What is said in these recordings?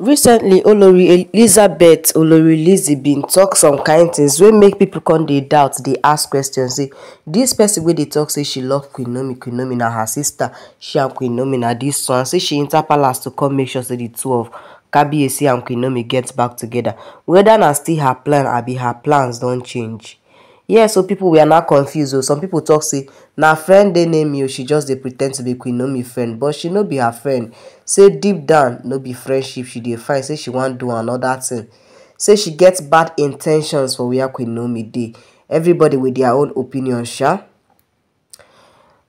recently olori elizabeth olori lizzy bin tok some kain tins wey make pipo con dey doubt dey ask questions say dis pesin wey dey tok say she love queen naomi queen naomi na her sister she and queen naomi na dis one say she enta palace to come make sure say di two of kabiyesi and queen naomi get back togeda weda na still her plan abi her plans don change Yeah, so pipo were now confused o some people talk say now friend they name you. Oh, she just they pretend to be queen naomi friend but she no be her friend say deep down no be friendship she dey find say she wan do another thing. say she gets bad intentions ten tions for wia queen naomi dey everybody with their own opinion sha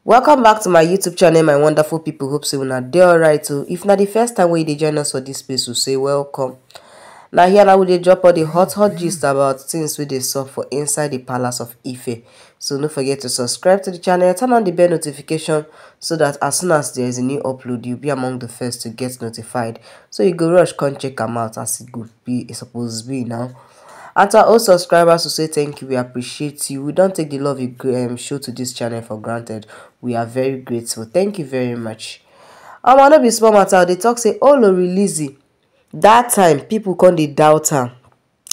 welcome back to my youtube channel my wonderful people. hope say una dey alright So, oh. if not the first time we you join us for this space we oh, say welcome Now here na we dey drop all the hot hot gist about things we dey sup for inside the palace of ife so don't forget to subscribe to the channel turn on the bell notification so that as soon as there is a new upload you'll be among the first to get notified so you go rush come check them out as it go be supposed suppose be now and to all subscribers to say thank you we appreciate you we don't take the love you um, show to this channel for granted we are very grateful thank you very much omo no be small matter They talk say olori oh, lizzy That time pipo con dey doubt am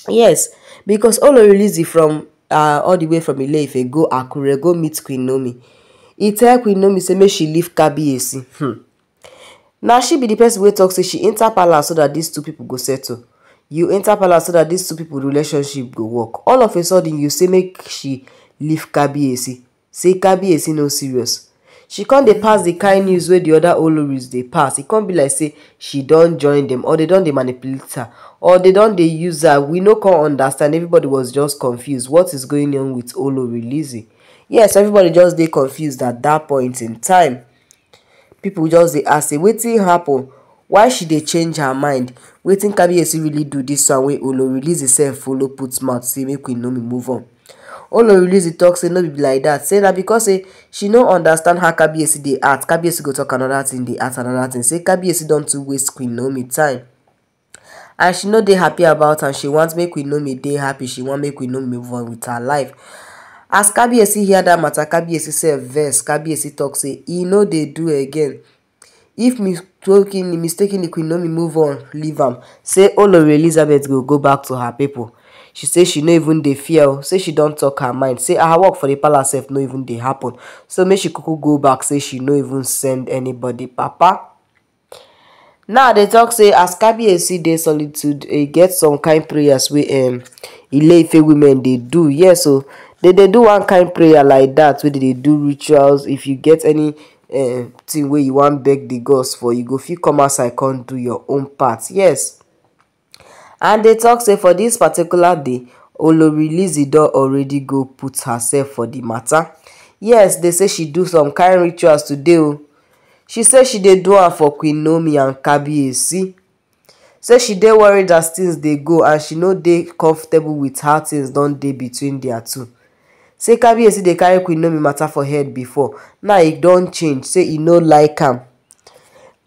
yes becos release from uh all the way from ileife go akure go meet queen nomi e tell queen nomi say make she leave kabiyesi hmm na she be the person wey tok say she enter palace so that these two people go settle you enter palace so that these two people relationship go work all of a sudden you say make she leave kabiyesi say kabiyesi no serious she con dey pass the kind news wey di oda oloris dey pass e con be like say she don join them or they don dey manipulate her or they don dey use her we no con understand everybody was just confused what is going on with olori releasing? yes everybody just dey confused at that point in time People just dey ask say wetin happen why she dey change her mind wetin kabiyesi really do this? one wey olori lizzy sef follow put mouth say make we no move on olo release talk say no be like that say na because say she no understand how kabiyesi dey act kabiyesi go talk another thing dey act another thing say kabiyesi don too waste queen naomi time and she no dey happy about am she want make queen naomi dey happy she want make queen naomi move on with her life as kabiyesi hear that matter kabiyesi sef vex kabiyesi talk say e no dey do again if mistakenly mistakenly queen naomi move on leave am say olori elizabeth go go back to her people she say she no even dey fear say she don talk her mind say her work for the palace sef no even dey happen so make she kuku go back say she no even send anybody papa now they talk say as kabiyesi dey solitude e get some kind prayers wey um ileife women dey do yes So they dey do one kind prayer like that. wey they dey do rituals if you get any uh thing wey you wan beg the gods for you go fit come outside come do your own part yes and they talk say for this particular day olori lizzy already go put herself for the matter. yes they say she do some kind rituals today Oh, she say she dey do am for queen Nomi and kabiyesi say she dey worried as tins dey go and she no dey comfortable with how things don dey between their two say kabiyesi dey carry queen Nomi matter for head before now e don change say e no like am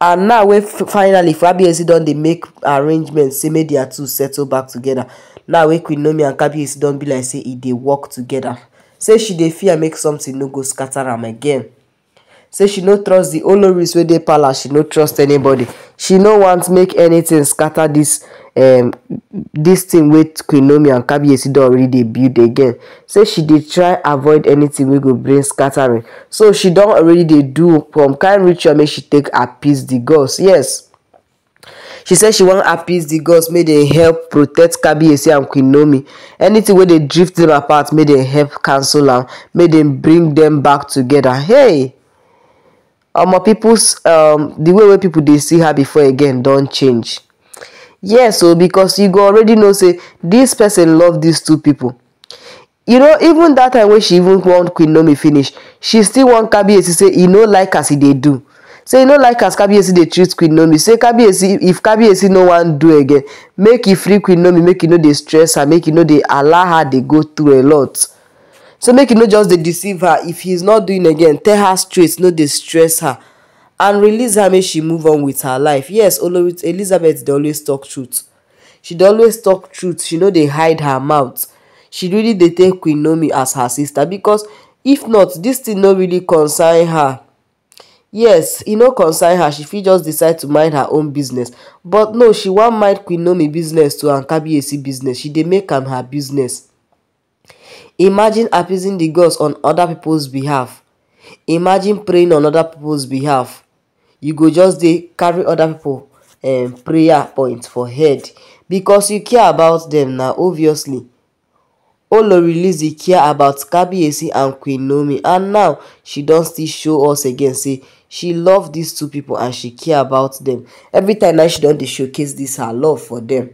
and now wey finally fabiesi don dey make arrangements say make dia two settle back together. now wey queen nomi and kabiyesi don be like say e dey work together, say she dey fear make something no go scatter am again say she no trust the oloris wey dey palace she no trust anybody she no want make anything scatter this um dis thing wey queen and kabiyesi don already dey build again say she dey try avoid anything wey go bring scattering so she don already dey do from kind ritual make she take appease the gods yes she say she wan appease the gods make dem help protect kabiyesi and Quinomi. anything wey dey drift them apart make dem help cancel am make dem bring them back together hey omo um, peoples um, the way wey people dey see her before again don change yes so oh, because you go already know say this person love these two people, you know even that time when she even want queen nomi finish she still wan kabiyesi say e no like as e dey do say e no like as kabiyesi dey treat queen nomi say kabiyesi if kabiyesi no wan do again make e free queen nomi make e no dey stress her make e no dey allow her dey go through a lot so make e no just dey deceive her if he's not doing again tell her straight no dey stress her and release her may she move on with her life yes elizabeth always talk truth she always talk truth she know they hide her mouth she really they take queen nomi as her sister because if not this thing no really concern her yes it no concern her she fit just decide to mind her own business but no she won't mind queen nomi business to and kabiyesi business she dey make him her business imagine appeasing the gods on other peoples behalf imagine praying on other peoples behalf you go just dey carry other people um prayer point for head because you care about them now. obviously olorilizi care about kabiyesi and queen Nomi, and now she don still show us again say she love these two people and she care about them every time Now she don dey showcase this her love for them.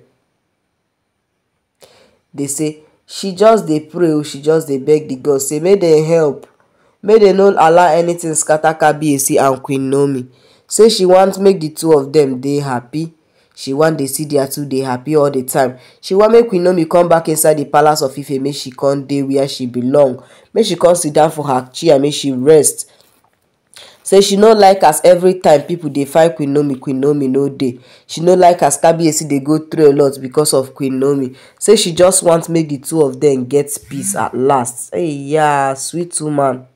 They say she just dey pray o oh, she just dey beg the god say make dem help make dem no allow anything scatter kabiyesi and queen Nomi say she want make the two of them dey happy she want dey see dia two dey happy all the time she want make queen naomi come back inside the palace of ife make she come dey where she belong make she come sit down for her chair make she rest say she no like as every time people dey find queen naomi queen naomi no dey she no like as kabiyesi dey go through a lot because of queen naomi say she just want make the two of them get peace at last Hey yeah sweet woman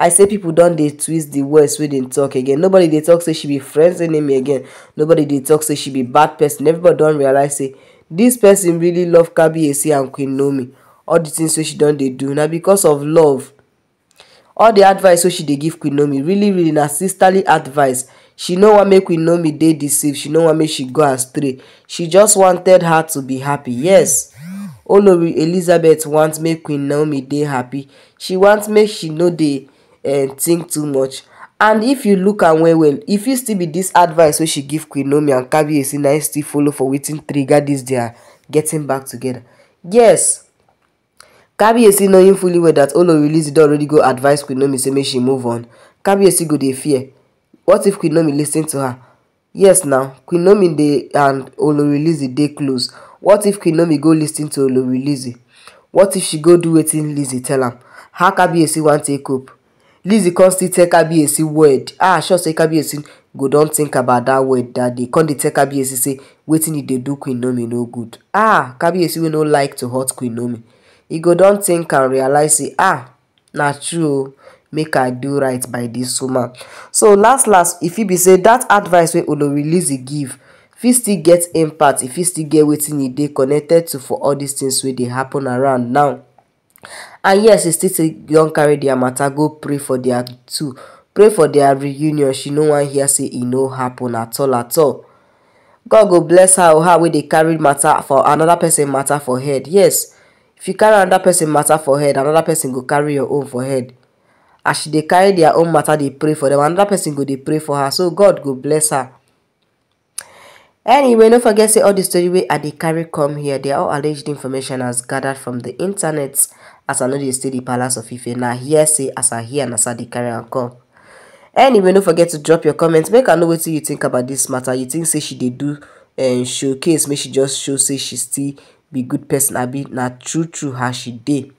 i say people don't. They twist the words didn't talk again nobody they talk say she be friends enemy again nobody they talk say she be bad person everybody don't realize say this person really love Kabi A C and queen Nomi. all the things which she don't they do now because of love all the advice which she dey give queen Nomi really really na sisterly advice she know what make queen Nomi dey deceive. she know what make she go astray she just wanted her to be happy yes olori elizabeth wants make queen Nomi dey happy she wants make she know dey um think too much and if you look am well well e fit still be dis advice wey she give queen naomi and kabiyesi na im still follow for wetin trigger dis dia getting back together yes kabiyesi knowing fully well that olori don already go advise queen naomi say make she move on kabiyesi go dey fear what if queen naomi lis ten to her yes now queen naomi dey and olori dey close what if queen naomi go lis ten to olori what if she go do wetin Lizzie tell am how kabiyesi wan take cope lizzy come still tell kabiyesi word ah sure say kabiyesi go don think about that word That day come dey tell kabiyesi say wetin e dey do queen naomi no good ah kabiyesi wey no like to hurt queen naomi He go don think and realize say ah na true o oh, make i do right by this woman so last last e fit be say that advice wey olori lizzy give fit still get impact e fit still get wetin e dey connected to for all these things wey dey happen around now and yes she still take don carry their matter. go pray for their two pray for their reunion she no wan hear say e no happen at all at all god go bless her or her wey dey carry matter for another person matter for head yes if you carry another person matter for head anoda pesin go carry your own for head as she dey carry their own matter, dey pray for them. Another person go dey pray for her so god go bless her Anyway, no forget say all the story wey I dey carry come here, they are all alleged information as gathered from the internet as I know they stay the palace of Ife. Now here say as I hear and as I dey carry am come. Anyway, don't forget to drop your comments. Make I know what you think about this matter. You think say she dey do and eh, um, showcase, make she just show say she still be good person I be not true true how she did.